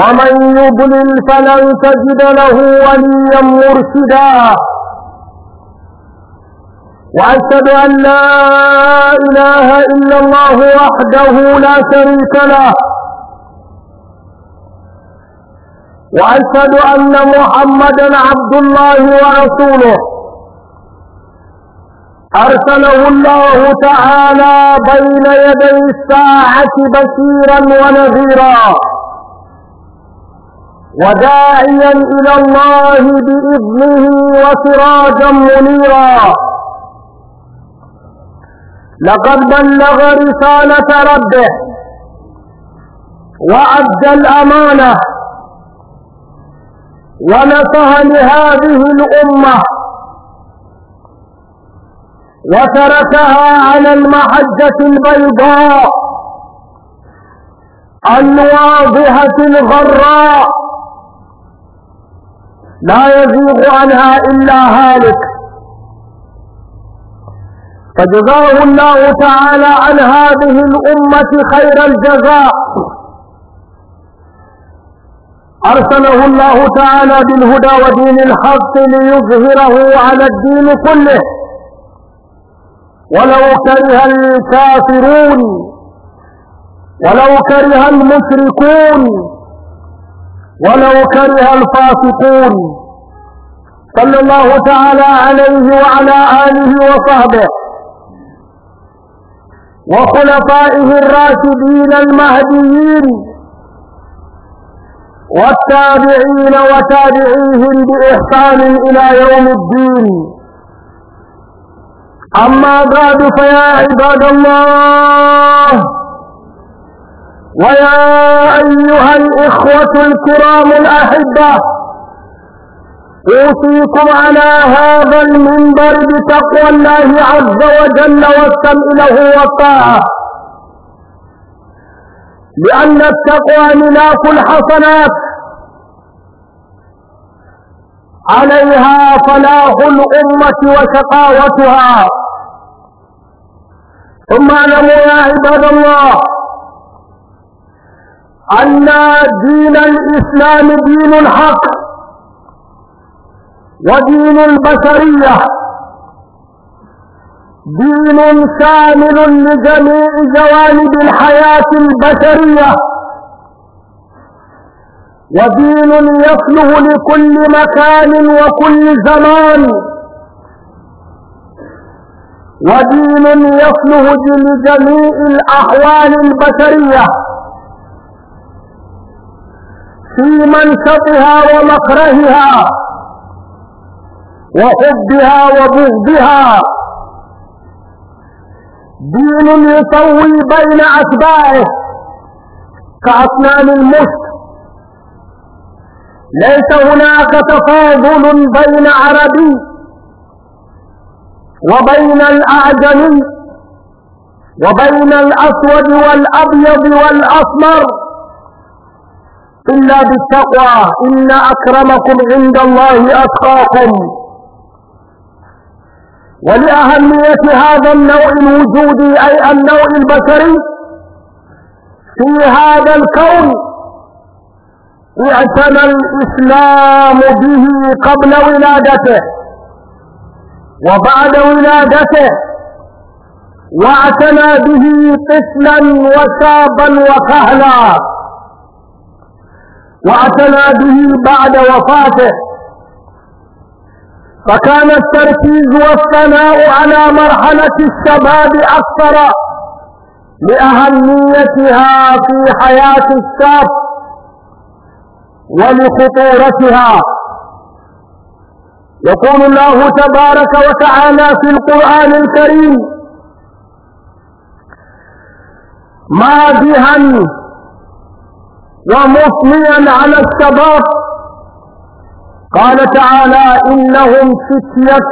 ومن يضلل فلن تجد له وليا مرشدا واشهد ان لا اله الا الله وحده لا شريك له واشهد ان محمدا عبد الله ورسوله ارسله الله تعالى بين يدي الساعه بشيرا ونذيرا وداعيا إلى الله بإذنه وسراجا منيرا لقد بلغ رسالة ربه وأدى الأمانة ونصح لهذه الأمة وتركها على المحجة البيضاء الواضحة الغراء لا يزيغ عنها إلا هالك فجزاه الله تعالى عن هذه الأمة خير الجزاء أرسله الله تعالى بالهدى ودين الحق ليظهره على الدين كله ولو كره الكافرون ولو كره المشركون ولو كره الفاسقون صلى الله تعالى عليه وعلى آله وصحبه وخلفائه الراشدين المهديين والتابعين وتابعيهم بإحسان إلى يوم الدين أما بعد فيا عباد الله ويا أيها الإخوة الكرام الأحبة أوصيكم على هذا المنبر بتقوى الله عز وجل والسمع له والطاعة لأن التقوى ملاك الحسنات عليها صلاح الأمة وشقاوتها ثم اعلموا يا عباد الله أن دين الإسلام دين الحق ودين البشرية دين شامل لجميع جوانب الحياة البشرية ودين يصلح لكل مكان وكل زمان ودين يصلح لجميع الأحوال البشرية في منشطها ومكرهها وحبها وبغضها دين يسوي بين اتباعه كاصنام المشت ليس هناك تفاضل بين عربي وبين الاعجمي وبين الاسود والابيض والاسمر إلا بالتقوى إن أكرمكم عند الله أتقاكم ولأهمية هذا النوع الوجودي أي النوع البشري في هذا الكون اعتنى الإسلام به قبل ولادته وبعد ولادته واعتنى به طفلا وشابا وكهلا واعتنى به بعد وفاته فكان التركيز والثناء على مرحلة الشباب أكثر لأهميتها في حياة الشاب ولخطورتها يقول الله تبارك وتعالى في القرآن الكريم ما بهن ومثنيا على الشباب قال تعالى إنهم فتية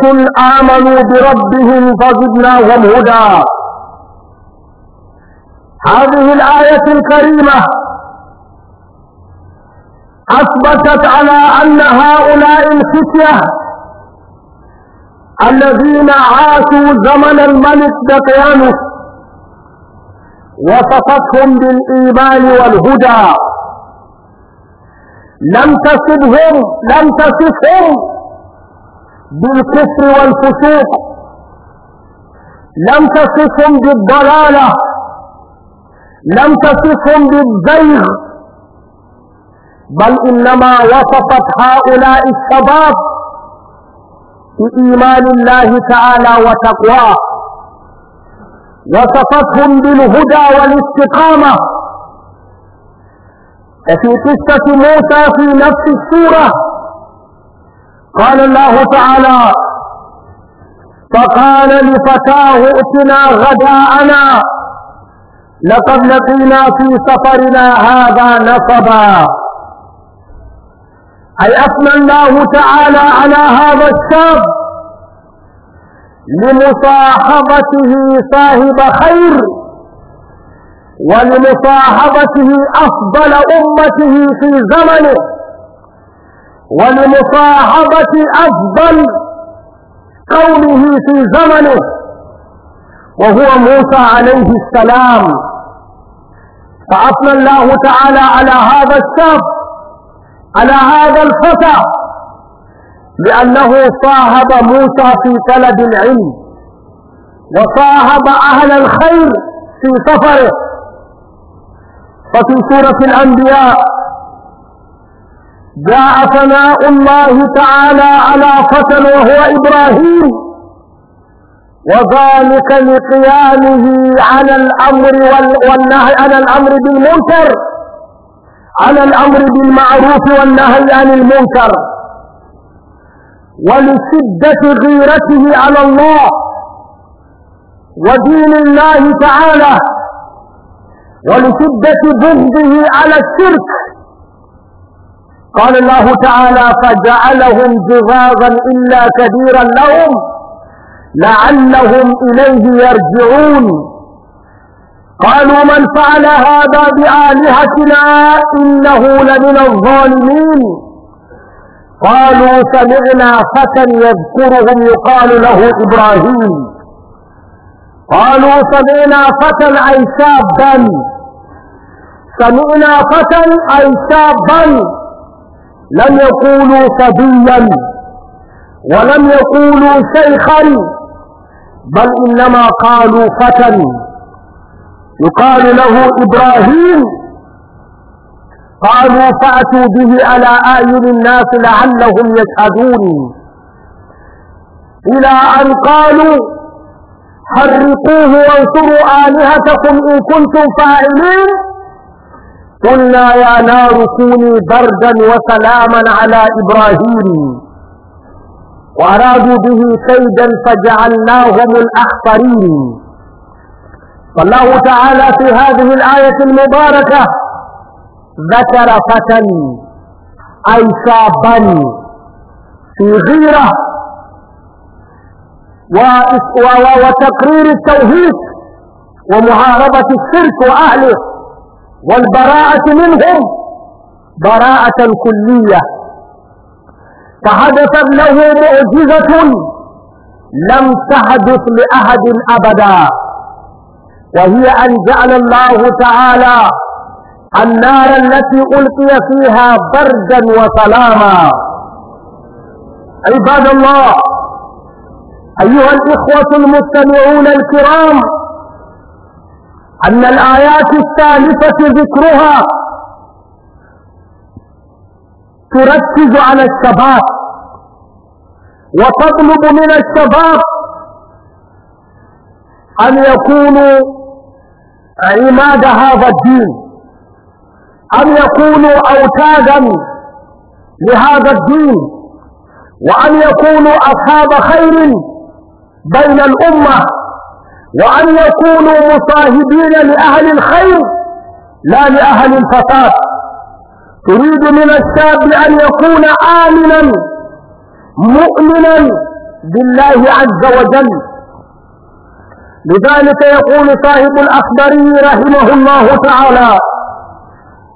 آمنوا بربهم فزدناهم هدى هذه الآية الكريمة أثبتت على أن هؤلاء الفتية الذين عاشوا زمن الملك دقيانه وصفتهم بالإيمان والهدى لم تصبهم لم تصفهم بالكفر والفسوق لم تصفهم بالضلالة لم تصفهم بالزيغ بل إنما وصفت هؤلاء الشباب بإيمان الله تعالى وتقواه وصفتهم بالهدى والاستقامة وفي قصة موسى في نفس السورة قال الله تعالى فقال لفتاه ائتنا غداءنا لقد لقينا في سفرنا هذا نصبا اي اثنى الله تعالى على هذا الشاب لمصاحبته صاحب خير ولمصاحبته أفضل أمته في زمنه ولمصاحبة أفضل قومه في زمنه وهو موسى عليه السلام فأثنى الله تعالى على هذا الشاب على هذا الفتى لأنه صاحب موسى في طلب العلم وصاحب أهل الخير في سفره ففي سورة الأنبياء جاء ثناء الله تعالى على فتى وهو إبراهيم وذلك لقيامه على الأمر والنهي على الأمر بالمنكر على الأمر بالمعروف والنهي عن المنكر ولشدة غيرته على الله ودين الله تعالى ولشدة بغضه على الشرك قال الله تعالى فجعلهم جغاظا إلا كبيرا لهم لعلهم إليه يرجعون قالوا من فعل هذا بآلهتنا إنه لمن الظالمين قالوا سمعنا فتى يذكرهم يقال له إبراهيم قالوا سمعنا فتى أي شابا سمعنا فتى أي شابا لم يقولوا صبيا ولم يقولوا شيخا بل إنما قالوا فتى يقال له إبراهيم قالوا فأتوا به على أعين الناس لعلهم يشهدون إلى أن قالوا حرقوه وانصروا آلهتكم إن كنتم فاعلين قلنا يا نار كوني بردا وسلاما على إبراهيم وأرادوا به كيدا فجعلناهم الأحقرين فالله تعالى في هذه الآية المباركة ذكر فتى أي شابا في غيرة وتقرير التوحيد ومعارضة الشرك وأهله والبراءة منهم براءة كلية فحدثت له معجزة لم تحدث لأحد أبدا وهي أن جعل الله تعالى النار التي ألقي فيها بردا وسلاما عباد الله أيها الإخوة المستمعون الكرام أن الآيات الثالثة ذكرها تركز على الشباب وتطلب من الشباب أن يكونوا عماد هذا الدين أن يكونوا أوتادا لهذا الدين وأن يكونوا أصحاب خير بين الأمة وأن يكونوا مصاهبين لأهل الخير لا لأهل الفساد تريد من الشاب أن يكون آمنا مؤمنا بالله عز وجل لذلك يقول صاحب الأخبري رحمه الله تعالى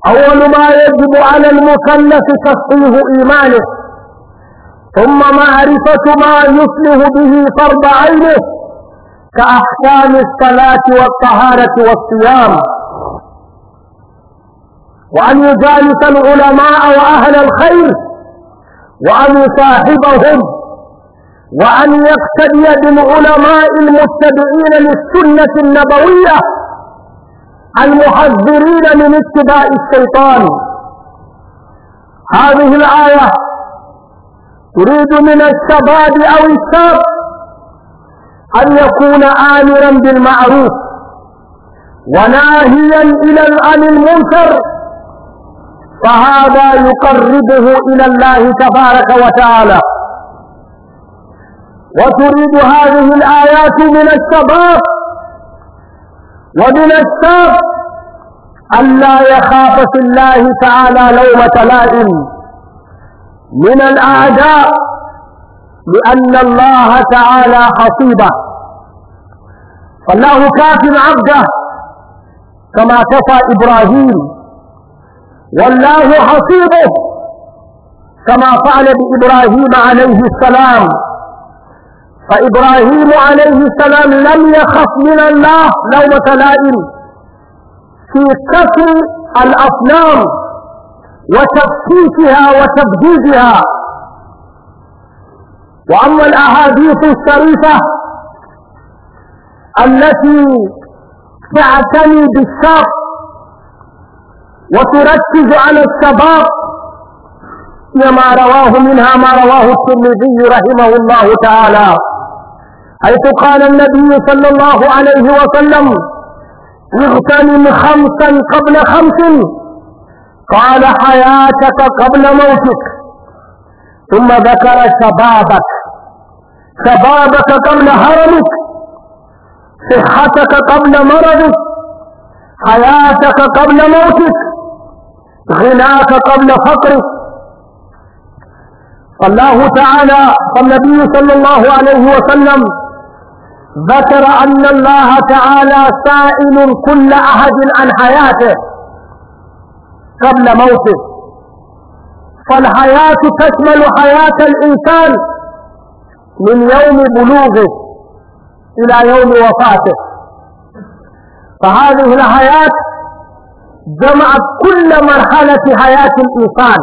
أول ما يجب على المكلف تصحيح إيمانه ثم معرفة ما يصلح به فرض عينه كأحكام الصلاة والطهارة والصيام وأن يجالس العلماء وأهل الخير وأن يصاحبهم وأن يقتدي بالعلماء المتبعين للسنة النبوية المحذرين من اتباع الشيطان هذه الآية يريد من الشباب أو الشاب أن يكون آمرا بالمعروف وناهيا إلى عن المنكر فهذا يقربه إلى الله تبارك وتعالى وتريد هذه الآيات من الشباب ومن الشاب ألا يخاف في الله تعالى لومة لائم من الأعداء لأن الله تعالى حصيبه فالله كاف عبده كما كفى إبراهيم والله حصيبه كما فعل بإبراهيم عليه السلام فإبراهيم عليه السلام لم يخف من الله لومة لائم في كسر الأصنام وتفكيكها وتبديدها واما الاحاديث الشريفه التي تعتني بالشر وتركز على الشباب ما رواه منها ما رواه الترمذي رحمه الله تعالى حيث قال النبي صلى الله عليه وسلم اغتنم خمسا قبل خمس قال حياتك قبل موتك ثم ذكر شبابك شبابك قبل هرمك صحتك قبل مرضك حياتك قبل موتك غناك قبل فقرك الله تعالى والنبي صلى الله عليه وسلم ذكر أن الله تعالى سائل كل أحد عن حياته قبل موته فالحياة تشمل حياة الإنسان من يوم بلوغه إلى يوم وفاته فهذه الحياة جمعت كل مرحلة حياة الإنسان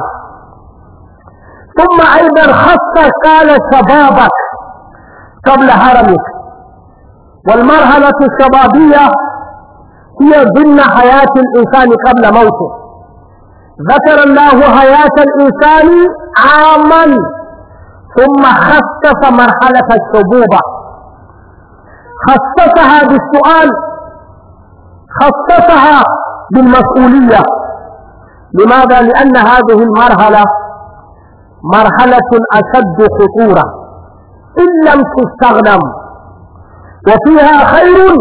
ثم أيضا خص قال شبابك قبل هرمك والمرحلة الشبابية هي ضمن حياة الإنسان قبل موته ذكر الله حياة الإنسان عاما ثم خصص مرحلة الشبوبة خصصها بالسؤال خصصها بالمسؤولية لماذا؟ لأن هذه المرحلة مرحلة أشد خطورة إن لم تستغنم وفيها خير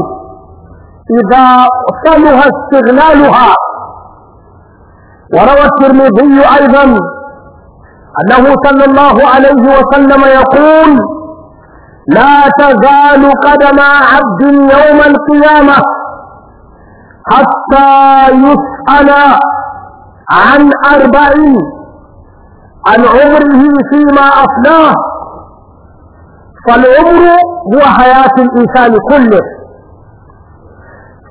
إذا صلها استغلالها وروى الترمذي ايضا انه صلى الله عليه وسلم يقول لا تزال قدم عبد يوم القيامه حتى يسال عن اربع عن عمره فيما افناه فالعمر هو حياه الانسان كله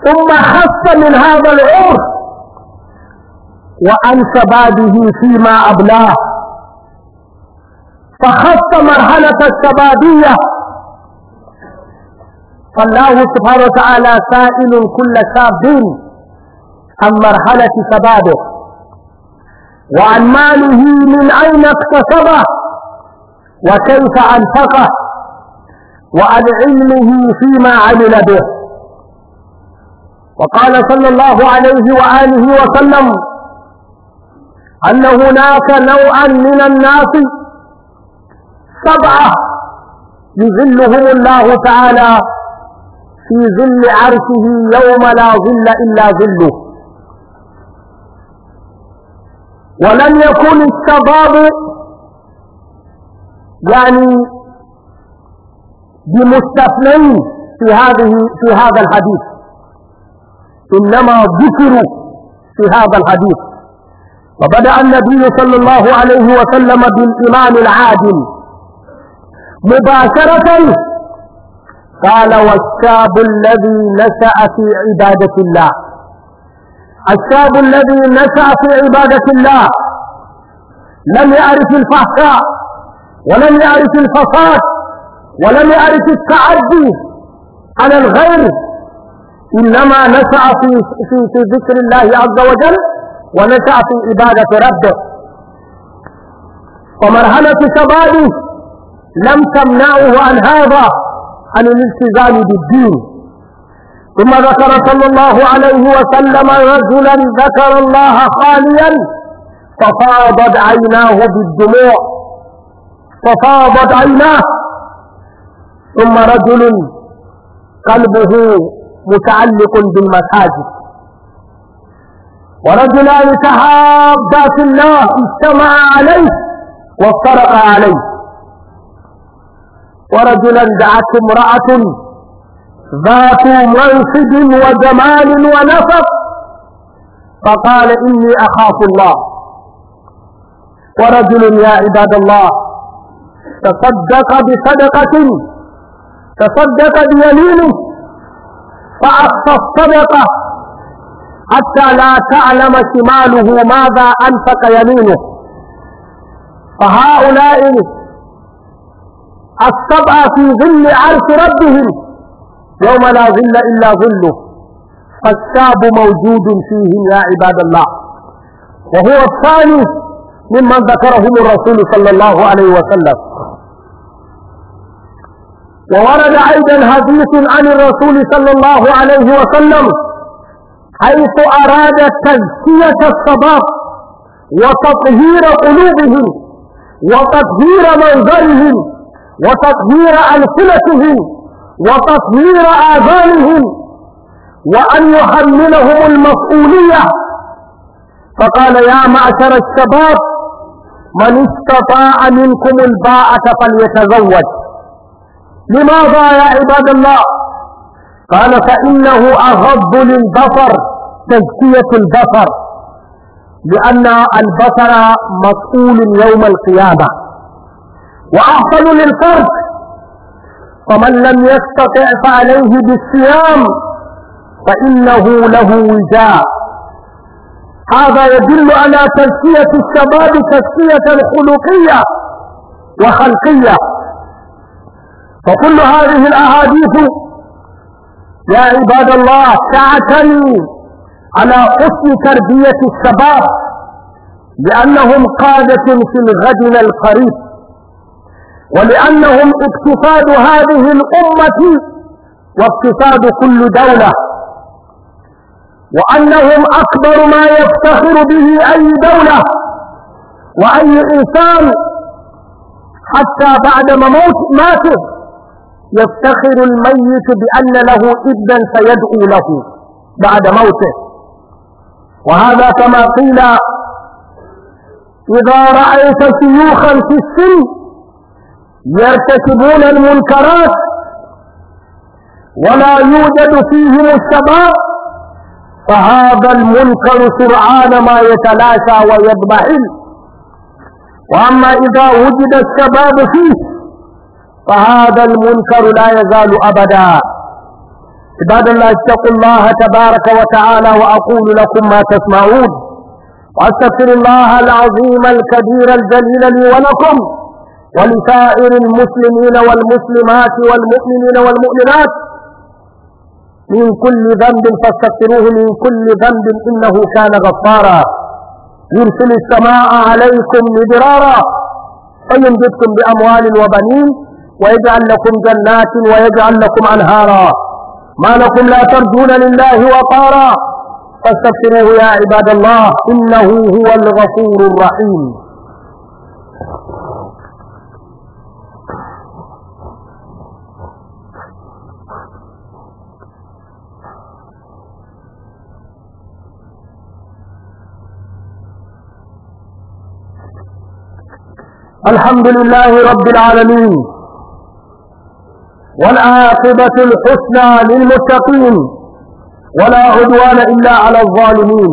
ثم خص من هذا العمر وعن شبابه فيما أبلاه فخص مرحلة الشبابية فالله سبحانه وتعالى سائل كل شاب عن مرحلة شبابه وعن ماله من أين اكتسبه وكيف أنفقه وعن علمه فيما عمل به وقال صلى الله عليه وآله وسلم أن هناك نوعا من الناس سبعة يظلهم الله تعالى في ظل عرشه يوم لا ظل إلا ظله ولم يكن الشباب يعني بمستثنين في هذه في هذا الحديث إنما ذكروا في هذا الحديث وبدأ النبي صلى الله عليه وسلم بالإمام العادل مباشرة قال والشاب الذي نشأ في عبادة الله الشاب الذي نشأ في عبادة الله لم يعرف الفحشاء ولم يعرف الفساد ولم يعرف التعدي على الغير إنما نشأ في, في, في ذكر الله عز وجل ونشأ في عبادة ربه ومرحله شبابه لم تمنعه عن هذا عن الالتزام بالدين ثم ذكر صلى الله عليه وسلم رجلا ذكر الله خاليا ففاضت عيناه بالدموع ففاضت عيناه ثم رجل قلبه متعلق بالمساجد ورجلان تحابا في الله اجتمعا عليه وافترقا عليه ورجلا دعته امرأة ذات منصب وجمال ونفق فقال إني أخاف الله ورجل يا عباد الله تصدق بصدقة تصدق بيمينه فأخفى الصدقة حتى لا تعلم شماله ماذا أنفق يمينه فهؤلاء السبع في ظل عرش ربهم يوم لا ظل إلا ظله فالشاب موجود فيهم يا عباد الله وهو الثاني ممن ذكرهم الرسول صلى الله عليه وسلم وورد أيضا حديث عن الرسول صلى الله عليه وسلم حيث أراد تزكية الصباح وتطهير قلوبهم وتطهير منظرهم وتطهير ألسنتهم وتطهير آذانهم وأن يحملهم المسؤولية فقال يا معشر الشباب من استطاع منكم الباءة فليتزوج لماذا يا عباد الله قال فإنه أغض للبصر تزكية البصر لأن البصر مسؤول يوم القيامة وأحسن للفرد فمن لم يستطع فعليه بالصيام فإنه له وجاء هذا يدل على تزكية الشباب تزكية خلقية وخلقية فكل هذه الأحاديث يا عباد الله تعتني على حسن تربية الشباب لأنهم قادة في الغد القريب ولأنهم اقتصاد هذه الأمة واقتصاد كل دولة وأنهم أكبر ما يفتخر به أي دولة وأي إنسان حتى بعد مماته ماته يفتخر الميت بأن له ابنا سيدعو له بعد موته وهذا كما قيل إذا رأيت شيوخا في السن يرتكبون المنكرات ولا يوجد فيهم الشباب فهذا المنكر سرعان ما يتلاشى ويضمحل وأما إذا وجد الشباب فيه فهذا المنكر لا يزال أبدا عباد الله اتقوا الله تبارك وتعالى وأقول لكم ما تسمعون وأستغفر الله العظيم الكبير الجليل لي ولكم ولسائر المسلمين والمسلمات والمؤمنين والمؤمنات من كل ذنب فاستغفروه من كل ذنب إنه كان غفارا يرسل السماء عليكم مدرارا فيمددكم بأموال وبنين ويجعل لكم جنات ويجعل لكم أنهارا ما لكم لا ترجون لله وقارا فاستغفروه يا عباد الله إنه هو الغفور الرحيم الحمد لله رب العالمين والعاقبة الحسنى للمتقين ولا عدوان إلا على الظالمين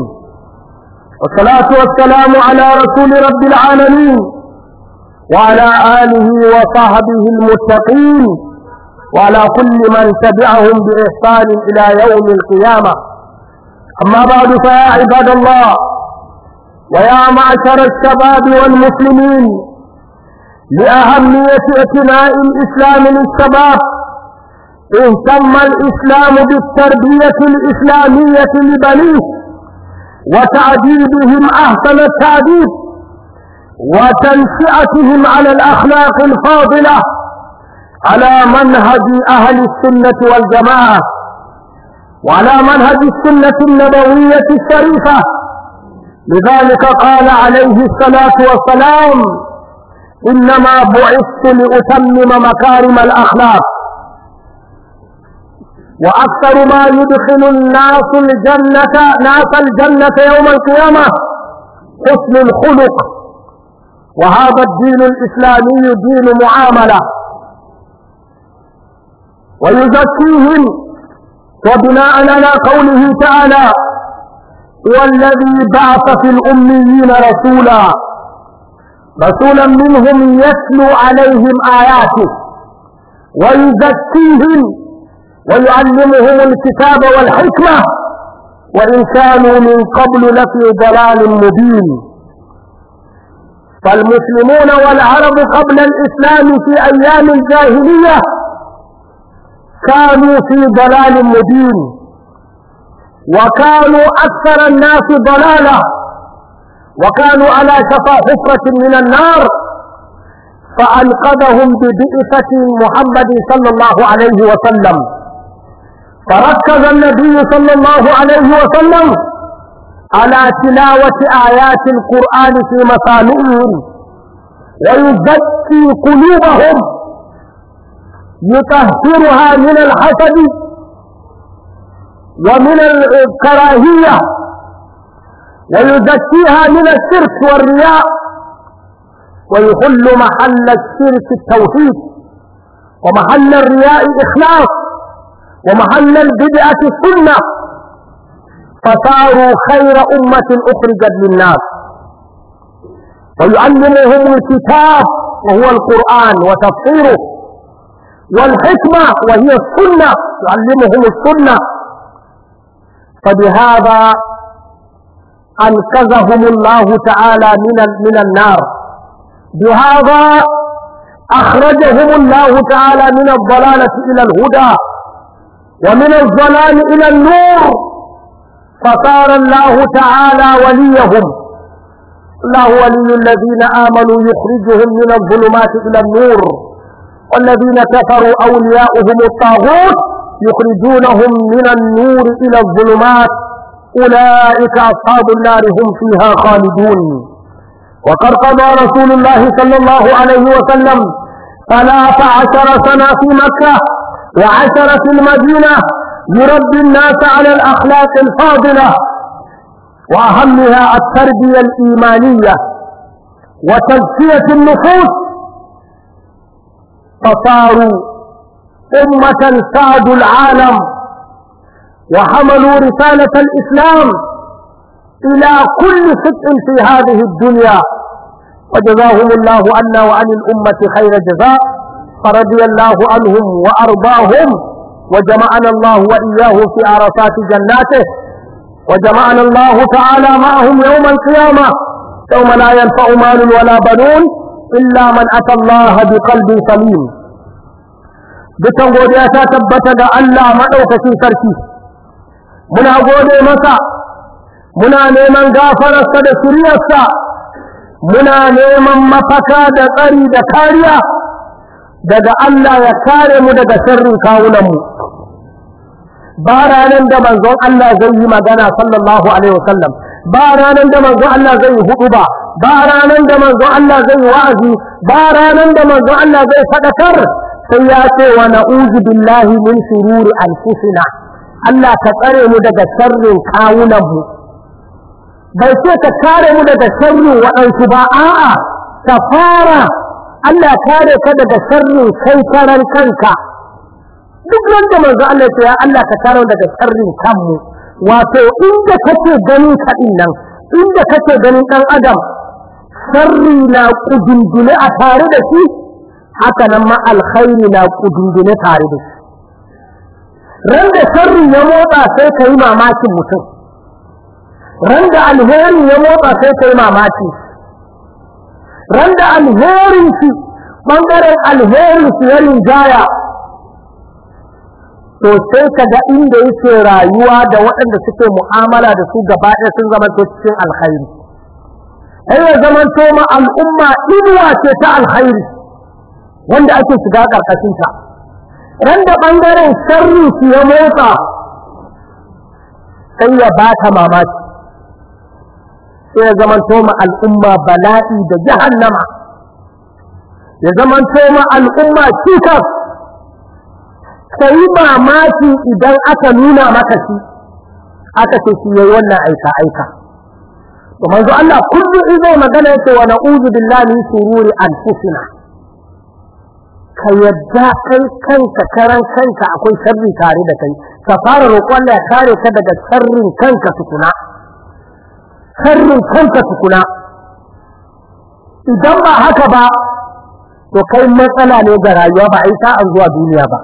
والصلاة والسلام على رسول رب العالمين وعلى آله وصحبه المتقين وعلى كل من تبعهم بإحسان إلى يوم القيامة أما بعد فيا عباد الله ويا معشر الشباب والمسلمين لأهمية اعتناء الإسلام للشباب اهتم الإسلام بالتربية الإسلامية لبنيه وتعذيبهم أحسن التعذيب وتنشئتهم على الأخلاق الفاضلة على منهج أهل السنة والجماعة وعلى منهج السنة النبوية الشريفة لذلك قال عليه الصلاة والسلام انما بعثت لاتمم مكارم الاخلاق واكثر ما يدخل الناس الجنه ناس الجنه يوم القيامه حسن الخلق وهذا الدين الاسلامي دين معامله ويزكيهم وبناء على قوله تعالى والذي بعث في الاميين رسولا رسولا منهم يتلو عليهم آياته ويزكيهم ويعلمهم الكتاب والحكمة وإن كانوا من قبل لفي ضلال مبين فالمسلمون والعرب قبل الإسلام في أيام الجاهلية كانوا في ضلال مبين وكانوا أكثر الناس ضلالا وكانوا على شفا حفرة من النار فأنقذهم ببئسة محمد صلى الله عليه وسلم فركز النبي صلى الله عليه وسلم على تلاوة آيات القرآن في مسامعهم ويزكي قلوبهم يطهرها من الحسد ومن الكراهية ويزكيها من الشرك والرياء ويحل محل الشرك التوحيد ومحل الرياء الإخلاص ومحل البدعة السنة فصاروا خير أمة أخرجت للناس ويعلمهم الكتاب وهو القرآن وتفسيره والحكمة وهي السنة يعلمهم السنة فبهذا أنقذهم الله تعالى من من النار بهذا أخرجهم الله تعالى من الضلالة إلى الهدى ومن الظلام إلى النور فصار الله تعالى وليهم الله ولي الذين آمنوا يخرجهم من الظلمات إلى النور والذين كفروا أولياؤهم الطاغوت يخرجونهم من النور إلى الظلمات أولئك أصحاب النار هم فيها خالدون وقد قضى رسول الله صلى الله عليه وسلم ثلاث عشر سنة في مكة وعشر في المدينة يربي الناس على الأخلاق الفاضلة وأهمها التربية الإيمانية وتزكية النفوس فصاروا أمة سادوا العالم وحملوا رسالة الإسلام إلى كل شق في هذه الدنيا وجزاهم الله عنا وعن الأمة خير جزاء فرضي الله عنهم وأرضاهم وجمعنا الله وإياه في عرفات جناته وجمعنا الله تعالى معهم يوم القيامة يوم لا ينفع مال ولا بنون إلا من أتى الله بقلب سليم dukan godiya ta tabbata ga Allah تركيه muna gode masa muna neman gafararsa da suriyarsa muna neman mafaka da tsari da kariya daga Allah ya kare mu daga sharrin kawunanmu ba ranar da manzon Allah zai yi magana sallallahu alaihi wasallam ba ranar da manzon Allah zai yi hudu ba ba ranar da manzon Allah zai yi wa'azi ba ranar da manzon Allah zai fadakar sai ya ce wa na'udhu billahi min shururi anfusina Allah ka tsare mu daga sharrin kawunanmu bai ce ka kare mu daga sharrin waɗansu ba a'a ka fara Allah kare ka daga sharrin kai kanka duk wanda manzo Allah ya Allah ka kare mu daga sharrin kanmu wato inda kake ganin ka nan inda kake ganin ɗan adam sharri na kudundune a tare da shi haka nan ma alkhairi na kudundune tare da shi ran da ya motsa sai ka yi mamakin mutum ran da alherin ya motsa sai ka yi mamaki ran da alherin shi ɓangaren alherin su ya rinjaya to sai ka ga inda yake rayuwa da waɗanda suke mu'amala da su gaba ɗaya sun zama cikin alkhairi ai ya zama to ma al'umma inuwa ce ta alkhairi wanda ake shiga ƙarƙashinta Randa ɓangaren sharri su ya motsa sai ya ba ta mamaki sai ya zamanto ma al'umma bala'i da jahannama ya zamanto ma al'umma cikas, ka yi mamaki idan aka nuna maka shi aka ce shi yayi wannan aika aika to manzo Allah kullu izai magana yake wa na'udhu billahi min shururi anfusina ka yadda kai kanka karan kanka akwai sharri tare da kai ka fara roƙo Allah ya kare ka daga sharrin kanka tukuna sharrin kanka tukuna idan ba haka ba to kai matsala ne ga rayuwa ba a yi sa'an zuwa duniya ba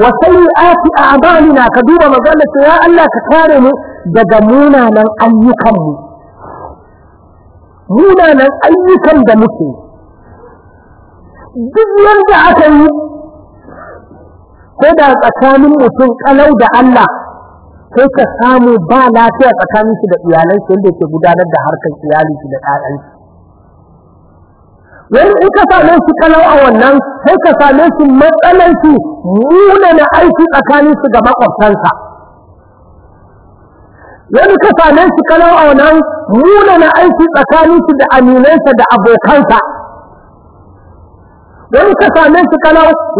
wa sayyi'ati a'malina ka duba magana ce ya Allah ka kare mu daga munanan ayyukanmu, munanan ayyukan da muke duk yadda aka yi ko da tsakanin mutum kalau da Allah sai ka samu ba lafiya tsakanin shi da iyalan shi yadda ke gudanar da harkar iyali shi da ƴaƴan shi wani in ka same shi kalau a wannan sai ka same shi matsalar shi munana aiki tsakanin shi ga makwabtansa wani ka same shi kalau a wannan munana aiki tsakanin shi da aminansa da abokansa wani ka same su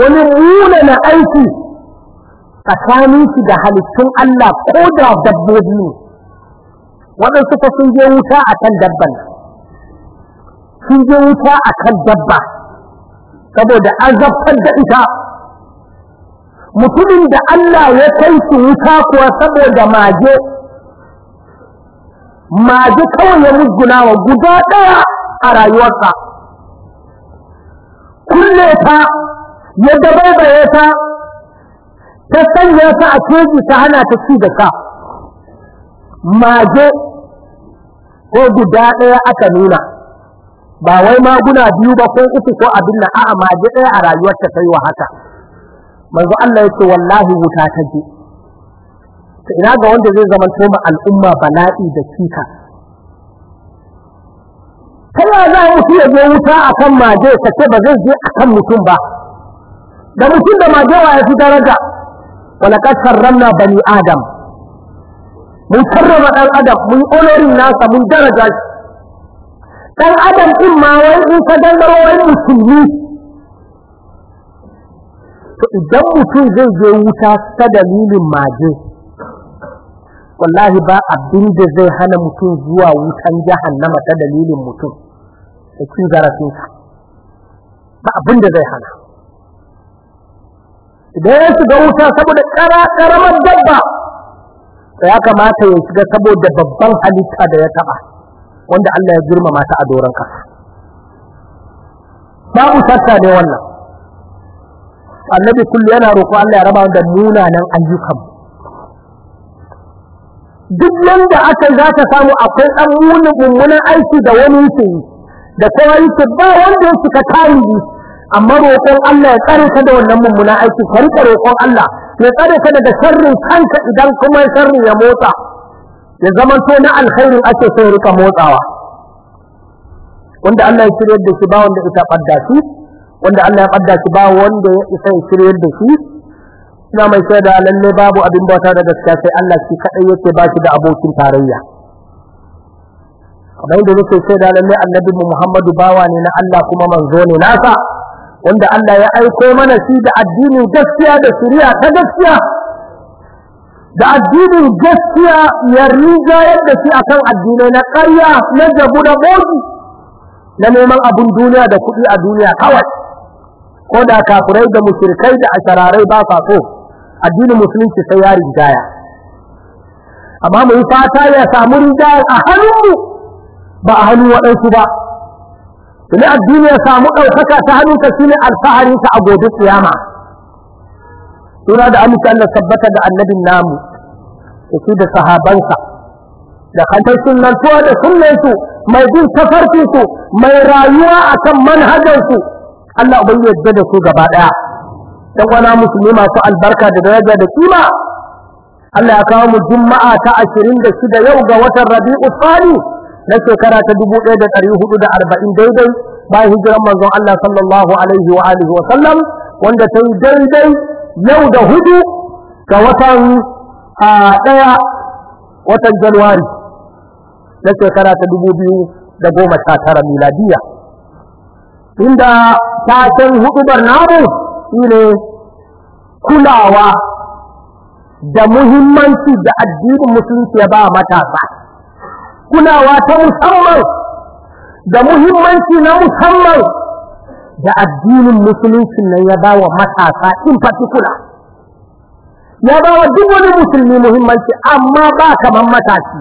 wani muna na aiki tsakanin su da halittun Allah ko da dabbobi ne waɗansu ka sun je wuta a kan dabban sun je wuta a kan dabba saboda an da ita mutumin da Allah ya kai su wuta kuwa saboda mage mage kawai ya musguna wa guda ɗaya a rayuwarsa kulle ta ya dabaibaye ta ta sanya ta a keji ta hana ta ci da ka mage ko guda ɗaya aka nuna ba wai maguna biyu ba ko uku ko abin nan a'a mage ɗaya a rayuwarta ta yi wa haka manzo Allah yake wallahi wuta ta je ina ga wanda zai zama ma al'umma bala'i da cika ta yaya za mu fiye je wuta a kan maje ka ce ba zai je a kan mutum ba da mutum da maje wa ya fi daraja walaƙar ba bani adam mun karrama ɗan adam mun olorin nasa mun daraja shi ɗan adam ɗin ma wai in ka dangaro wani musulmi to idan mutum zai je wuta ta dalilin maje wallahi ba abin da zai hana mutum zuwa wutan jahannama ta dalilin mutum da cin ka ba abin da zai hana idan ya shiga wuta saboda karamar dabba da ya kamata ya shiga saboda babban halitta da ya taba wanda Allah ya girmama ta a doron kasa babu sassa ne wannan annabi kullu yana roƙo Allah ya raba da munanan ayyukan duk yanda aka za ta samu akwai ɗan munin mummunan aiki da wani yake yi da kuma yake ba wanda ya tari tarihi amma roƙon Allah ya tsare ka da wannan mummuna aiki ka rika roƙon Allah ya tsare ka daga sharrin kanka idan kuma sharrin ya motsa ya zama to na alkhairin ake sai rika motsawa wanda Allah ya shirya da shi ba wanda ita fadda shi wanda Allah ya ɓadda shi ba wanda ya isa ya shirya da shi ina mai shaida lalle babu abin bauta da gaskiya sai Allah shi kadai yake ba shi da abokin tarayya kamar yadda nake sai da lalle annabi Muhammadu bawa ne na Allah kuma manzo ne nasa wanda Allah ya aiko mana shi da addinin gaskiya da shari'a ta gaskiya da addinin gaskiya ya riga da shi akan addinai na ƙarya na jabu da bogi na neman abun duniya da kuɗi a duniya kawai ko da kafirai da mushrikai da ashararai ba sa so addinin musulunci sai ya rinjaya amma mu yi fata ya samu riga a hannunmu ba a hannun waɗansu ba tuni addini ya samu ɗaukaka ta hannunka shine alfaharinka a gobe tsiyama suna da amince Allah tabbata da annabin namu da shi da sahabansa da kantar sunantuwa da sunnansu mai bin tafarkinsu mai rayuwa a kan manhajansu Allah ban yadda da su gaba ɗaya dan wana musulmi masu albarka da daraja da kima Allah ya kawo mu juma'a ta ashirin da shida yau ga watan Rabi'u Thani na shekara ta dubu ɗaya da da ɗari arba'in daidai bayan hijiran manzon Allah sallallahu alaihi wa alihi wa sallam wanda ta yi daidai yau da hudu ga watan ɗaya watan Januwari na shekara ta dubu biyu da goma tara miladiya inda fatan hudubar namu shine kulawa da muhimmanci da addinin musulunci ya ba matasa kulawa ta musamman da muhimmanci na musamman da addinin musuluncin nan ya bawa matasa in particular ya bawa duk wani musulmi muhimmanci amma ba kamar matashi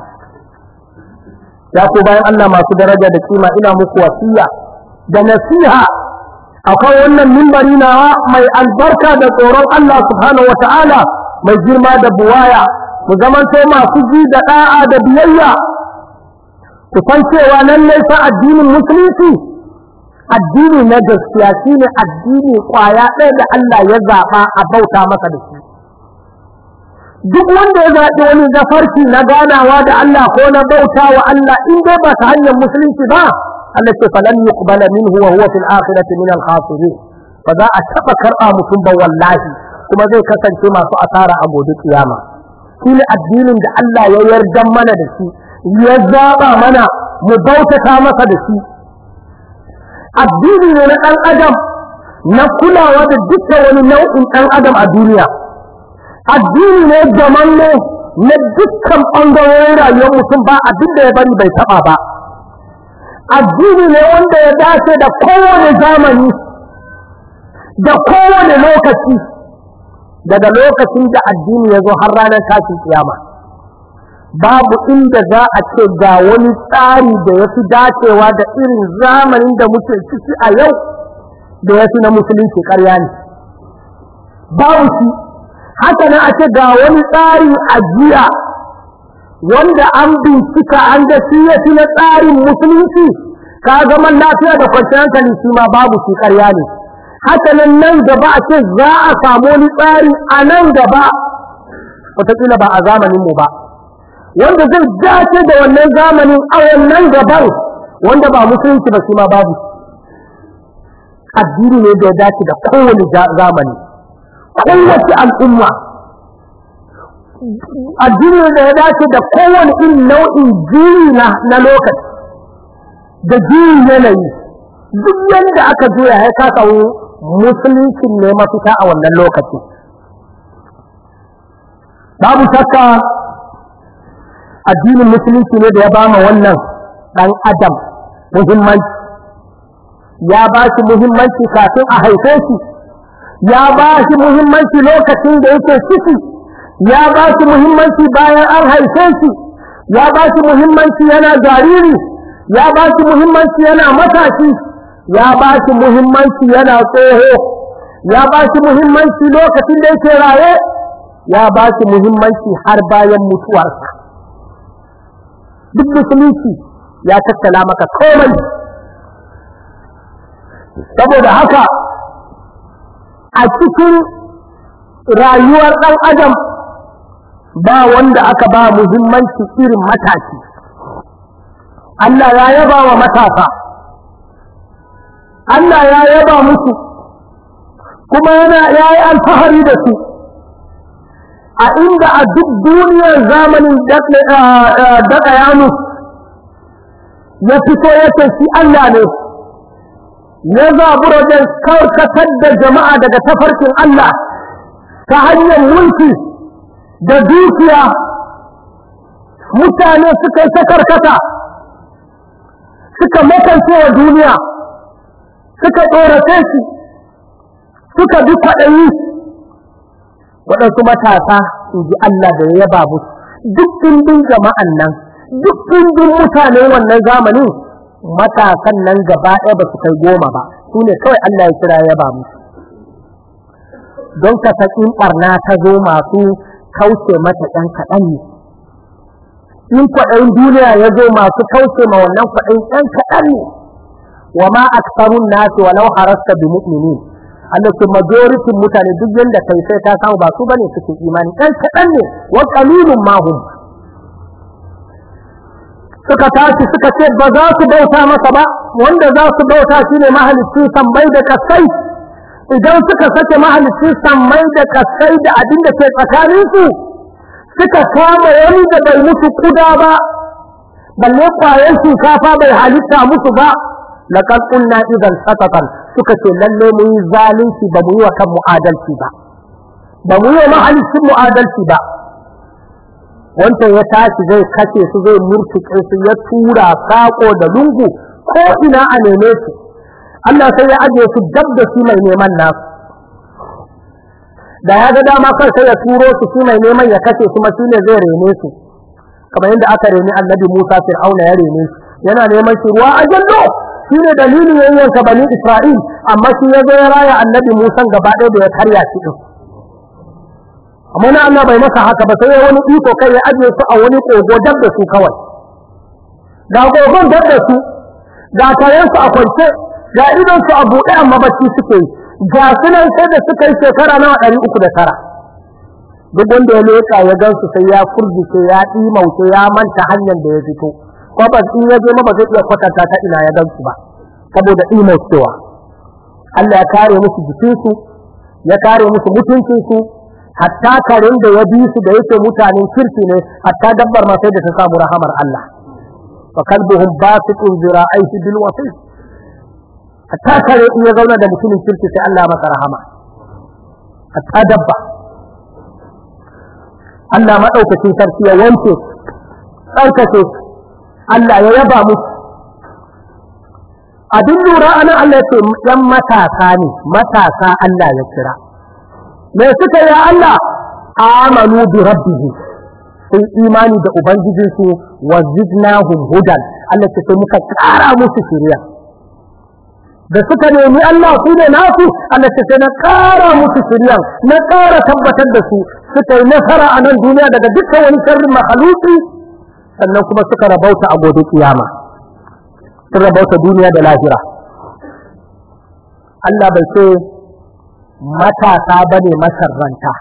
ya ko bayan Allah masu daraja da kima ina muku wasiya da nasiha akwai wannan mimbari na mai albarka da tsoron Allah subhanahu mai girma da buwaya mu zamanto masu ji da da'a da biyayya ku san cewa lallai fa addinin musulunci addini na gaskiya shine addini kwaya ɗaya da Allah ya zaɓa a bauta masa da shi duk wanda ya zaɓi wani zafarki na ganawa da Allah ko na bauta wa Allah in dai ba ta hanyar musulunci ba Allah ce falan yuqbala minhu wa huwa fil akhirati min al khasirin ba za a taɓa karɓa mutum ba wallahi kuma zai kasance masu asara a gobe kiyama shine addinin da Allah ya yarda mana da shi ya zaɓa mana mu bautata masa da shi addini ne na ɗan adam na kulawa da dukkan wani nau'in ɗan adam a duniya addini ne zamanne na dukkan ɓangarorin rayuwar mutum ba abin da ya bari bai taɓa ba addini ne wanda ya dace da kowane zamani da kowane lokaci daga lokacin da addini ya zo har ranar tashin kiyama babu inda za a ce ga wani tsari da ya fi dacewa da irin zamanin da muke ciki a yau da ya fi na musulunci karya ne babu shi haka na a ce ga wani tsari a jiya wanda an bincika an da shi ya fi na tsarin musulunci ka zama lafiya da kwanciyar hankali shi ma babu shi karya ne haka nan nan gaba a ce za a samu wani tsari a nan gaba wataƙila ba a zamaninmu ba wanda zai dace da wannan zamanin a wannan gaban wanda ba musulunci ba shi ma babu addini ne da ya dace da kowane zamani kowace al'umma addini ne da ya dace da kowane in nau'in jini na lokaci da jini yanayi duk yadda aka juya ya kasa samu musuluncin ne mafita a wannan lokaci babu shakka addinin musulunci ne da ya ba ma wannan ɗan adam muhimmanci ya ba shi muhimmanci kafin a haife shi ya ba shi muhimmanci lokacin da yake ciki ya ba shi muhimmanci bayan an haife shi ya ba shi muhimmanci yana jariri ya ba shi muhimmanci yana matashi ya ba shi muhimmanci yana tsoho ya ba shi muhimmanci lokacin da yake raye ya ba shi muhimmanci har bayan mutuwarsa duk musulunci ya tattala maka komai saboda haka a cikin rayuwar ɗan adam ba wanda aka ba muhimmanci irin matashi Allah ya yaba wa matasa Allah ya yaba musu kuma yana ya yi alfahari da su a inda a duk duniyar zamanin daga yanu ya fito ya ce shi Allah ne ya zaɓi wajen karkatar da jama'a daga tafarkin Allah ta hanyar mulki da dukiya mutane suka yi ta karkata suka makance wa duniya suka tsorace shi suka bi kwaɗayi waɗansu matasa in ji Allah da ya babu duk kundin jama'an nan duk kundin mutane wannan zamanin matasan nan gaba ɗaya ba su kai goma ba su ne kawai Allah ya kira ya babu don ka sakin ɓarna ta zo masu kauce mata ɗan kaɗan ne in kwaɗayin duniya ya zo masu kauce ma wannan kwaɗayin ɗan kaɗan ne wa ma aksarun nasu walau harasta bi mu'minin Allah su majoritin mutane duk yanda kai sai ta samu ba su bane suke imani dan kadan ne wa qalilun ma hum suka tashi suka ce ba za su bauta masa ba wanda za su bauta shine mahalicci sammai da kasai idan suka sake mahalicci sammai da kasai da abin da ke tsakaninsu suka kama wanda bai mutu kuda ba balle kwayan shinkafa bai halitta musu ba laqad kunna idan satatan suka ce lalle mun yi zalunci ba mu yi wa kan mu'adalci ba ba mu yi wa mahalicin mu adalci ba wancan ya tashi zai kace su zai murtuke su ya tura sako da lungu ko ina a neme su Allah sai ya ajiye su dab da shi mai neman nasu da ya ga dama kan sai ya turo su shi mai neman ya kace su ne zai rene su kamar yadda aka reni annabi Musa Fir'auna ya rene shi yana neman shi ruwa a jallo shi ne dalilin yayyansa bani isra'il amma shi ya zo ya raya annabi Musa gaba ɗaya da ya karya shi ɗin amma na Allah bai masa haka ba sai ya wani iko kai ya ajiye su a wani kogo dab su kawai ga kogon dab da su ga kayan su a kwance ga idon su a buɗe amma bacci suke yi ga sunan sai da suka yi shekara nawa ɗari uku da tara duk wanda ya leƙa ya gansu sai ya kurjice ya ɗimauce ya manta hanyar da ya fito kwabas in ya je ma ba zai iya kwatanta ta ina ya gansu ba saboda imar cewa Allah ya kare musu jikinsu ya kare musu mutuncinsu hatta karin da ya bi su da yake mutanen kirki ne hatta dabbar ma sai da ta samu rahamar Allah fa kalbuhum basiqun zira'aihi bil wasil hatta kare in ya zauna da mutumin kirki sai Allah masa rahama hatta dabba Allah madaukakin sarki ya wanke tsarkake Allah ya yaba musu abin lura a nan Allah ya ce ɗan matasa ne matasa Allah ya kira me suka ya Allah amanu bi rabbihi sun imani da ubangijinsu wa zidnahum hudan Allah ya ce muka ƙara musu shiriya da suka nemi Allah su ne nasu Allah ya ce na ƙara musu shiriya na ƙara tabbatar da su suka yi nasara a nan duniya daga dukkan wani sharrin mahaluki sannan kuma suka rabauta a gobe kiyama sun rabauta duniya da lahira Allah bai ce matasa ba ne masarranta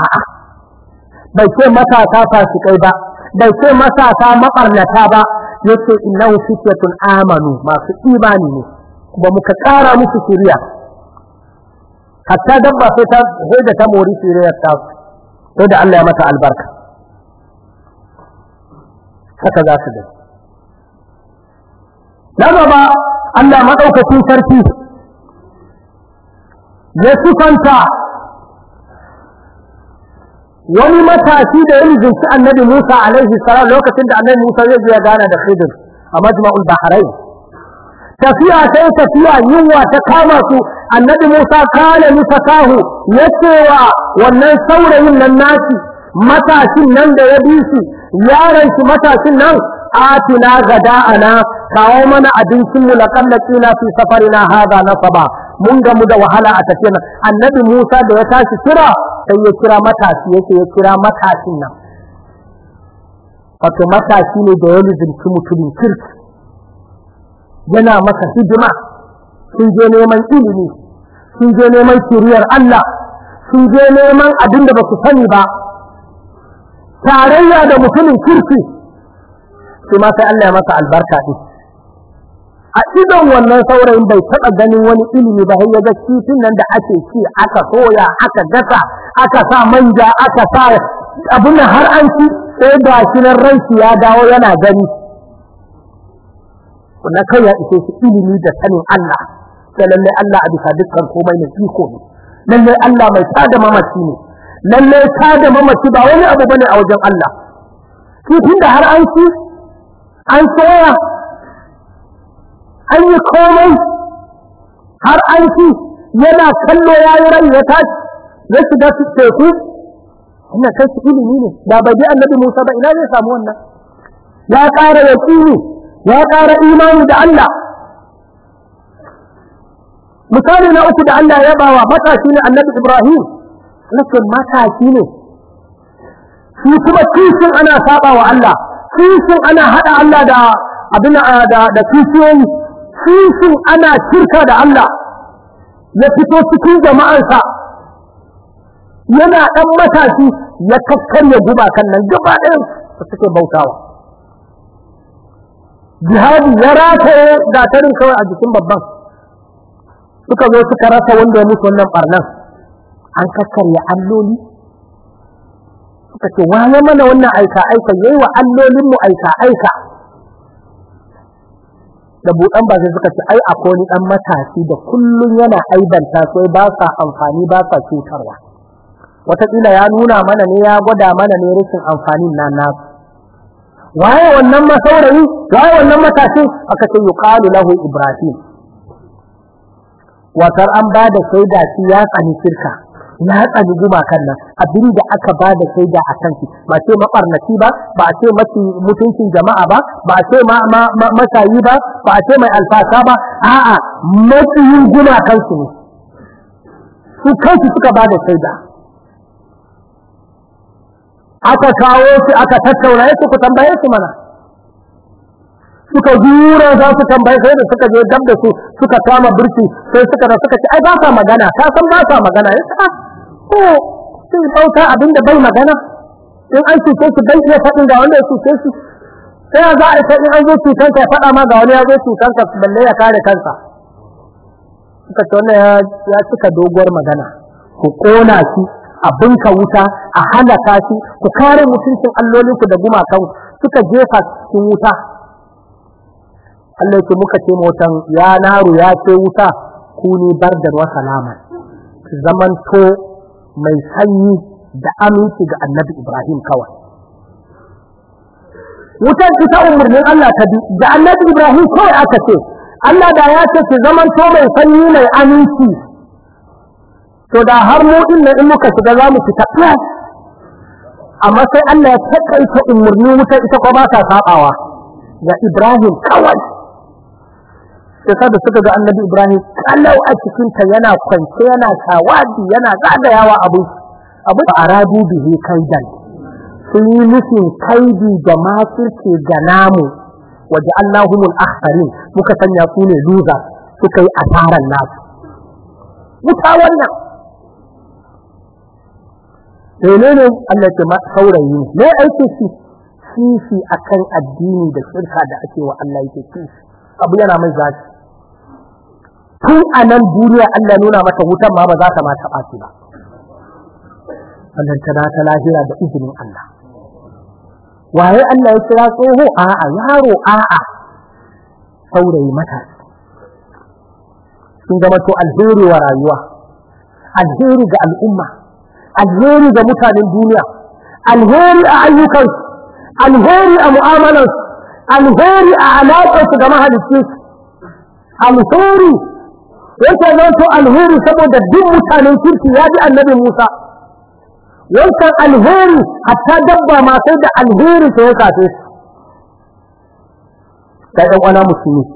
a'a bai ce matasa fasikai ba bai ce matasa maɓarnata ba yace innahu fitratun amanu masu imani ne kuma muka kara musu shiriya hatta dabba sai ta da ta mori shiriyar ta sai da Allah ya mata albarka haka za su gani na gaba Allah maɗaukacin sarki ya sufanta wani matashi da ya jinsi annabi Musa alaihi salam lokacin da annabi Musa zai je ya gana da Khidir a majma'ul Bahrain tafiya ta tafiya yunwa ta kama su annabi Musa kala ni fatahu ya cewa wannan saurayin nan nasi matashin nan da ya bi su. yaron shi matashin nan atina gada'ana kawo mana abincin mu na fi safarina na saba, mun gamu da wahala a tafiyar nan annabi Musa da ya tashi kira sai ya kira matashi yake ya kira matashin nan wato matashi ne da ya lizinci mutumin kirki yana masa hidima sun je neman ilimi sun je neman kiriyar Allah sun je neman abin da ba su sani ba tarayya da mutumin kirki shi ma sai Allah ya masa albarka din a idon wannan saurayin bai taɓa ganin wani ilimi ba har ya yaga kifin nan da ake ci aka soya aka gasa aka sa manja aka sa abin har an ci sai da shi nan ranki ya dawo yana gani wannan kai ya ishe shi ilimi da sanin Allah sai lallai Allah a bisa dukkan komai ne iko ne lallai Allah mai tada mamaci ne Lallai ta da mamaci ba wani abu bane a wajen Allah kifin da har an ci an soya an yi komai har an ci yana kallo ya yi rai ya tashi ya shiga teku wannan kai su ilimi ne da bai ji annabi Musa ba ina zai samu wannan ya ƙara yaƙini ya ƙara imani da Allah misali na uku da Allah ya bawa matashi ne annabi Ibrahim nake shi ne shi kuma kishin ana saba wa Allah kishin ana hada Allah da abin da da kishiyoyi kishin ana kirka da Allah ya fito cikin jama'ansa yana dan matashi ya ya guba kan nan gaba ɗayan da suke bautawa jihadi ya rataye gatarin kawai a jikin babban suka zo suka rasa wanda ya musu wannan barnan an kakkarya alloli suka ce wa ya mana wannan aika aika yayi wa allolinmu aika aika da buɗan ba sai suka ce ai akwai wani ɗan matashi da kullum yana aibanta sai ba sa amfani ba sa cutarwa wataƙila ya nuna mana ne ya gwada mana ne rashin amfanin na nasu waye wannan masaurayi waye wannan matashin aka ce yuqalu lahu ibrahim watar an ba da shaida shi ya tsani shirka ya tsani gumakan nan abin da aka ba da shaida a kansu. ba ce mabarnaci ba ba ce mafi mutuncin jama'a ba ba ce masayi ba ba ce mai alfasa ba a'a matsayin gumakan su ne su kansu suka ba da shaida aka kawo su aka tattauna su ku tambaye su mana suka jura za su tambaye sai da suka je dab da su suka kama birki sai suka da suka ce ai ba sa magana ta san ba sa magana sa ko sun bauta abin da bai magana in an cuce su bai iya faɗin ga wanda ya cuce su sai a za a ita in an zo cutan ka ya faɗa ma ga wani ya zo cutan ka balle ya kare kansa suka ce wannan ya cika doguwar magana ku ƙona shi abin ka wuta a halaka shi ku kare mutuncin allolinku da gumakan suka jefa cikin wuta Allah ce muka ce motan ya naru ya ce wuta ku bar da wa salama zaman to mai sanyi da aminci ga annabi Ibrahim kawai wutar ita umarnin Allah ta bi da annabi Ibrahim kawai aka ce Allah da ya ce ki zaman to mai sanyi mai aminci to da har mu din in muka shiga za mu fita amma sai Allah ya takaita umarnin wutar ita ko ba ta sabawa ga Ibrahim kawai yasa da suka ga annabi ibrahim kalau a cikin ta yana kwance yana shawadi yana zagayawa abu abu rabu bihi kaidan sun yi nufin kaidi da makirce ga namu waje allahumul akharin muka sanya su ne luza suka yi asaran nasu wuta wannan menene Allah ke saurayi ne aiki shi kishi akan addini da shirka da ake wa Allah yake kishi abu yana mai zaki tun a nan duniya Allah nuna mata wutan ma ba za ta ma taɓa su ba sannan ta ta lahira da izinin Allah waye Allah ya kira tsoho a'a yaro a'a saurayi mata sun zama to alheri wa rayuwa alheri ga al'umma alheri ga mutanen duniya alheri a ayyukansu alheri a mu'amalar, alheri a alaƙarsu ga mahalicci, alheri yake zanto alheri saboda duk mutanen kirki ya bi annabi Musa wancan alheri hatta dabba ma sai da alheri ta ya kafe su ga ɗan musulmi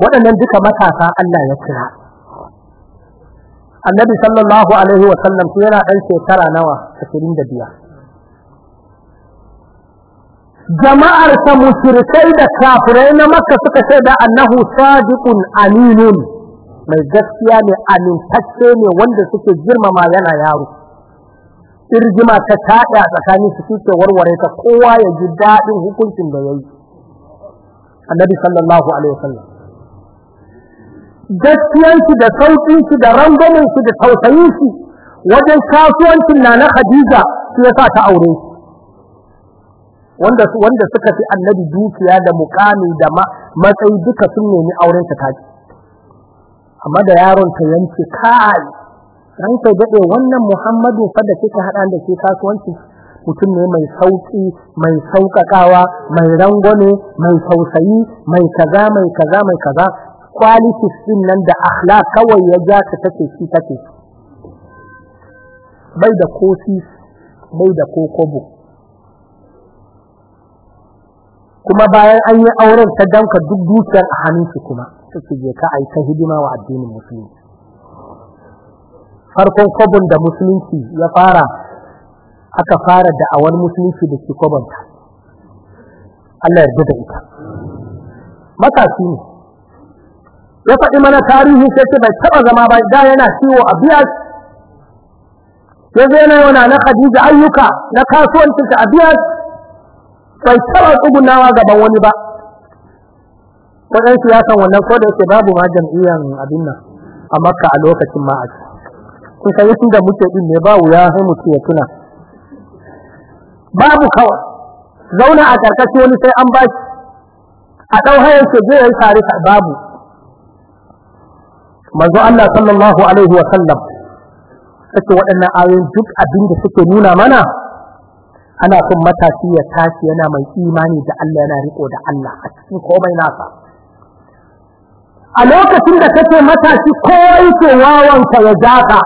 waɗannan duka matasa Allah ya kira annabi sallallahu alaihi wa sallam yana ɗan shekara nawa 25 jama'ar sa mushrikai da kafirai na maka suka ce da annahu sadiqun aminun mai gaskiya ne amintacce ne wanda suke girmama yana yaro irjima ta taɗa a tsakanin su suke warware ta kowa ya ji daɗin hukuncin da ya yi annabi sallallahu alaihi wasallam gaskiyansu da sauƙinsu da rangwaminsu da tausayinsu wajen kasuwancin Nana na Khadija su ya ta aure shi wanda suka fi annabi dukiya da mukami da matsayi duka sun nemi auren ta kaki amma da yaron ta yanke kai ran ta dade wannan Muhammadu fa da kika hada da ke kasuwanci mutum ne mai sauki mai saukakawa mai rangwame mai tausayi mai kaza mai kaza mai kaza qualities din nan da akhlaq kawai ya ja ta take shi take bai da kofi bai da kokobo kuma bayan an yi auren ta danka duk dukiyar a hannunsu kuma suke je ka ai ta hidima wa addinin musulunci farkon kobon da musulunci ya fara aka fara da awar musulunci da ke ta. Allah ya da ita matashi ne ya faɗi mana tarihi sai ce bai taɓa zama ba da yana ciwo a biyar ya zai na yana na Khadija ayyuka na kasuwancinta a biyar bai taɓa tsugunawa gaban wani ba ya san wannan ko da yake babu ma jam'iyyar abin nan a makka a lokacin ma a ci kun san da muke din ne ba wuya sai mutu ya tuna babu kawai zauna a karkashin wani sai an ba shi a ɗau hayar ke zai yi tare babu manzo Allah sallallahu alaihi wa sallam sake waɗannan ayoyin duk abin da suke nuna mana ana son matashi ya tashi yana mai imani da Allah yana riko da Allah a cikin komai nasa a lokacin da take matashi kowa yake wawanka ya ka,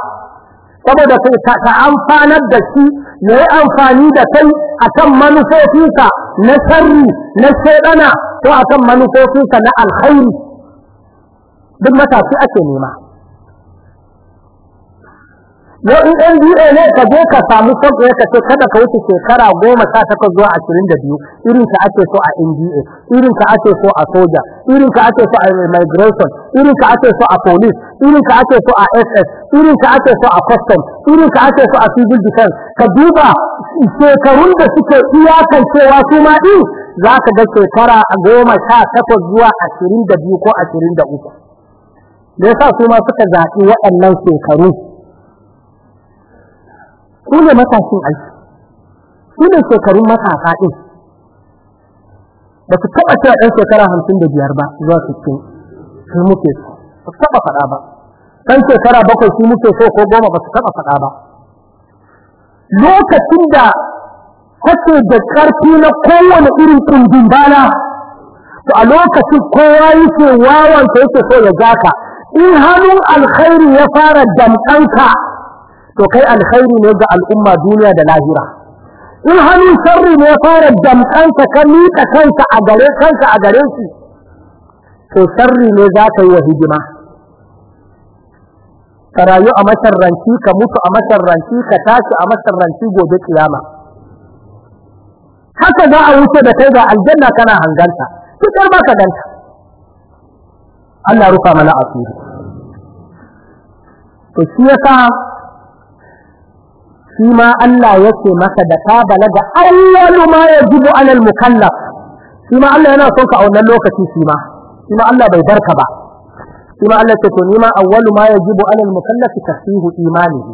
saboda kai ka amfanar da shi ya yi amfani da kai akan manufofinka na sharri na shaidana ko akan manufofinka na alkhairi duk matashi ake nema yau in ɗan biyu ne ka je ka samu sauƙi ka ce kada ka wuce shekara goma sha takwas zuwa ashirin da biyu irin ka ake so a NDA irin ka ake so a soja irin ka ake so a immigration irin ka ake so a police irin ka ake so a SS irin ka ake so a custom irin ka ake so a civil defense ka duba shekarun da suke iyakancewa su ma ɗin za ka ga shekara goma sha takwas zuwa ashirin da biyu ko ashirin da uku. Me yasa su ma suka zaɓi waɗannan shekaru su ne matashin aiki su ne shekarun matasa ɗin ba su taɓa cewa ɗan shekara hamsin da biyar ba zuwa sittin shi muke so ba su taɓa faɗa ba ɗan shekara bakwai su muke so ko goma ba su taɓa faɗa ba lokacin da kake da ƙarfi na kowane irin kundin bala to a lokacin kowa yake wawan ka yake so ya zaka in hannun alkhairi ya fara damɗanka. to kai alkhairi ne ga al'umma duniya da lahira in hannun sarri ne ya fara damkansa ka miƙa kansa a gare kanka a gare shi to sarri ne za ka yi wa hidima ka rayu a masarranci ka mutu a masarranci ka tashi a masarranci gobe kiyama haka za a wuce da kai ga aljanna kana hanganta fitar ba ka ganta Allah rufa mana asiri to shi yasa shi ma Allah yake masa da ka balaga awwalu ma yajibu alal mukallaf shi ma Allah yana son ka a wannan lokaci shi ma shi ma Allah bai barka ba shi ma Allah ce to ni ma awwalu ma yajibu alal mukallaf tasihu imanihi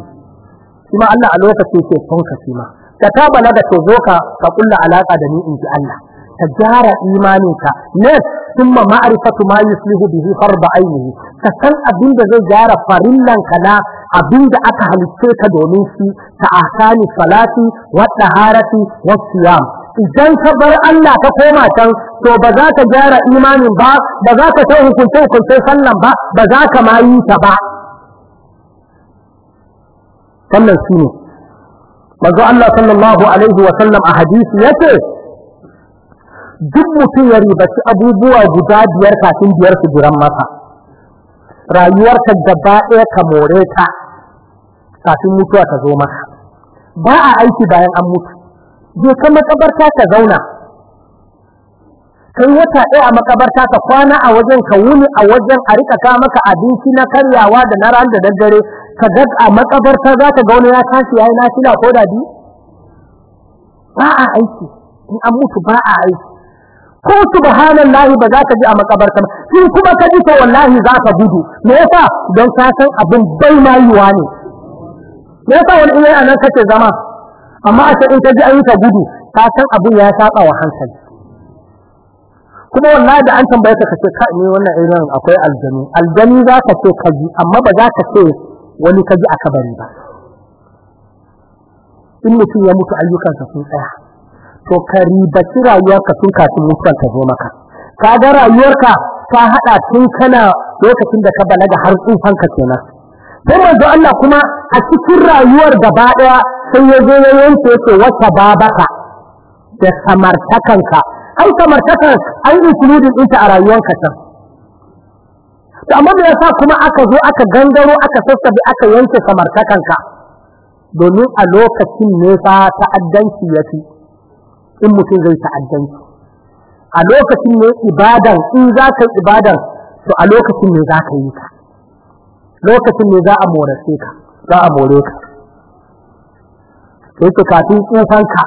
shi ma Allah a lokaci ke son ka shi ma da ta balaga to zo ka ka kulla alaka da ni in ji Allah ka gyara imaninka ne thumma ma'rifatu ma yuslihu bihi farda ainihi ka san abin da zai gyara farillan ka na Abin da aka halitta ka domin shi ta asani salati wa taharati wa siyam idan ka bar Allah ka koma can to ba za ka gyara imanin ba ba za ka san hukunce hukunce sallan ba ba za ka ma yi ta ba wannan shi ne manzo Allah sallallahu alaihi wa sallam a hadisi yace duk mutum ya ribaci abubuwa guda biyar kafin biyar su jiran masa rayuwarka gaba ɗaya ka more ta kafin mutuwa ta zo maka ba a aiki bayan an mutu je ka makabarta ka zauna kai wata ɗaya a makabarta ka kwana a wajen ka wuni a wajen a rika ka maka abinci na karyawa da na ran da daddare ka ga a makabarta za ka ga wani ya tashi yayi na shi ko da biyu ba a aiki in an mutu ba a aiki ko subhanallahi ba za ka ji a makabarta ba in kuma ka ji to wallahi za ka gudu me yasa don ka san abin bai ma yiwa ne me yasa wani in a nan kake zama amma a in ka ji an yi ka gudu ka san abin ya saba wa hankali kuma wallahi da an tambaye ka kace ka ne wannan irin akwai aljani aljani za ka ce ka ji amma ba za ka ce wani ka ji a kabari ba in mutum ya mutu ayyukansa sun tsaya to ka ribaci rayuwarka tun kafin mutuwar ta zo maka ka ga rayuwarka ta haɗa tun kana lokacin da ka balaga har tsufanka kenan sai manzo Allah kuma a cikin rayuwar gaba daya sai ya zo ya yanke ce wata babaka da samartakanka ai samartakan an yi suludin ɗinta a rayuwarka can to amma me yasa kuma aka zo aka gangaro aka sassabe aka yanke samartakanka domin a lokacin ne fa ta'addanci fi. in mutum zai ta'addanci a lokacin ne ibadan in za ka yi ibadan to a lokacin ne za ka yi ta lokacin ne za a morace ka za a more ka sai ka kafin tsufan ka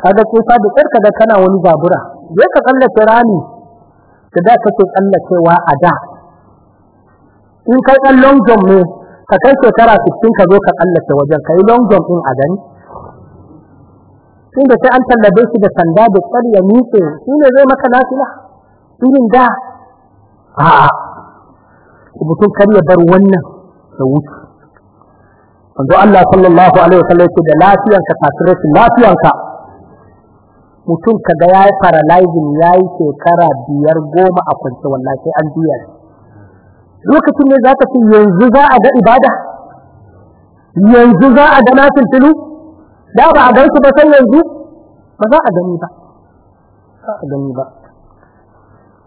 kaga tsufa da tsarka da kana wani zabura zai ka tsallake rami. da da kake tsallacewa a da in kai ɗan long jump ne ka kai shekara 60 ka zo ka tsallace wajen kai long jump din a gani tunda sai an tallabe shi da sanda da tsari ya shi shine zai maka nasila irin da a'a mutum kar ya bar wannan da wuce Wanzu Allah sallallahu alaihi wasallam yake da lafiyanka kafirati lafiyanka mutum kaga yayi paralyzing yi shekara biyar goma a kwance wallahi sai an biya lokacin ne za ta ce yanzu za a ga ibada yanzu za a ga nafil filu da ba a su ba sai yanzu ba za a gani ba za a gani ba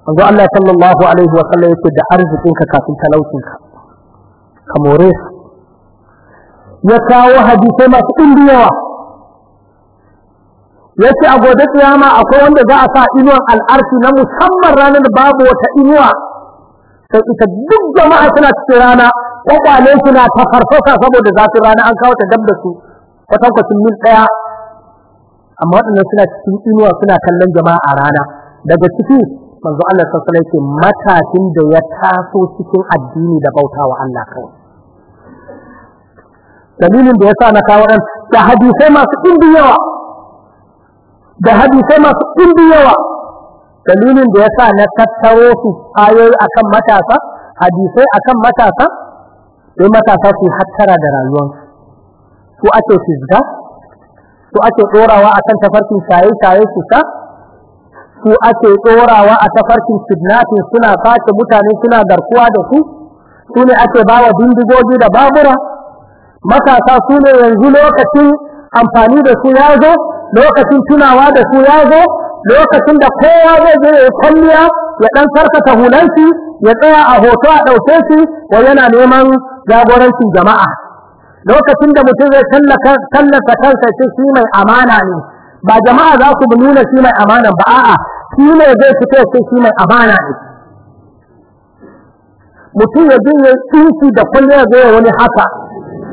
manzo Allah sallallahu alaihi wa sallam yake da arzikin ka kafin talaucin ka kamore ya kawo hadisai masu ɗimbin yawa yace a gobe tsiyama akwai wanda za a sa inuwan al'arshi na musamman ranar babu wata inuwa sai ita duk jama'a suna cikin rana kwakwale suna ta farfasa saboda zafin rana an kawo ta dab da su kwatankwacin mil ɗaya amma waɗannan suna cikin inuwa suna kallon jama'a a rana daga ciki manzo Allah sallallahu alaihi wasallam matashin da ya taso cikin addini da bautawa Allah kawai dalilin da yasa na kawo ran da hadisai masu ɗimbin yawa da hadisai masu ɗimbin yawa dalilin da yasa na tattaro su ayoyi akan matasa hadisai akan matasa sai matasa su hattara da rayuwarsu su ake fisga su ake ɗorawa akan tafarkin shaye-shaye su sa su ake tsorawa a tafarkin kidnapping suna sace mutane suna garkuwa da su su ne ake bawa bindigogi da babura matasa su ne yanzu lokacin amfani da su ya zo lokacin tunawa da su ya zo lokacin da kowa zai je ya kwalliya ya ɗan sarkata hulansu ya tsaya a hoto a ɗauke shi wa yana neman jagorancin jama'a lokacin da mutum zai tallata kansa shi mai amana ne ba jama'a za su nuna shi mai amana ba a'a shi zai fito sai shi mai amana ne mutum ya je ya da kwalliya zai wani haka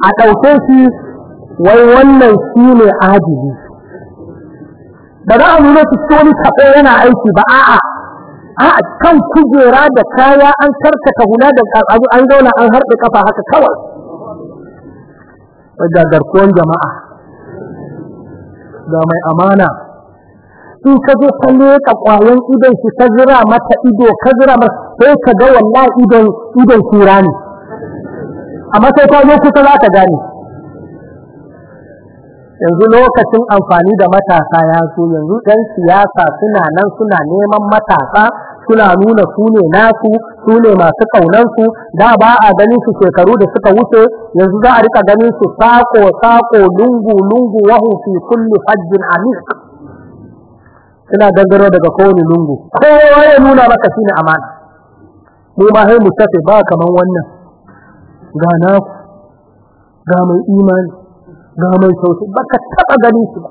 a ɗauke shi wai wannan shi ne adili ba za a nuna su wani kaɓo yana aiki ba a'a a kan kujera da kaya an karkata hula da ƙarƙaru an zauna an harɗe kafa haka kawai wadda garkuwan jama'a ga mai amana in ka zo ka leka ƙwayan idon shi ka zira mata ido ka zira mata sai ka ga wallahi idon idon kura ne amma sai ka kusa za ka gane yanzu lokacin amfani da matasa ya zo yanzu ɗan siyasa suna nan suna neman matasa suna nuna su ne nasu su ne masu kaunansu da ba a ganin su shekaru da suka wuce yanzu za a rika ganin su sako sako lungu lungu wahu fi kulli fajjin amiq suna dangaro daga kowane lungu kowa ya nuna maka shine amana mu ma sai mu tafi ba kaman wannan ga naku, ga mai imani ga mai ba baka taba gani su ba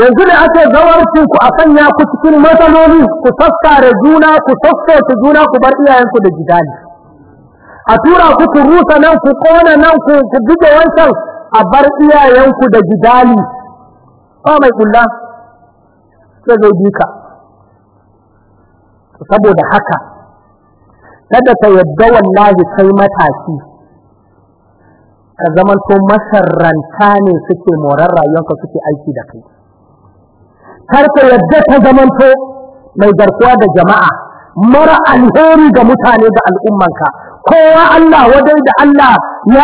yanzu da ake zawar ku a sanya ku cikin matsaloli ku saskare juna ku sassauta juna ku bar iyayenku da jidali a tura ku ku rusa nan ku kona nan ku guje wancan a bar iyayenku da jidali ba mai kulla sai zai bi ka saboda haka kada ka yadda wallahi kai matashi ka zamanto masarranta ne suke moran rayuwarka suke aiki da kai kar ka yadda ka zamanto mai garkuwa da jama'a mara alheri ga mutane da al'ummanka kowa Allah wadai da Allah ya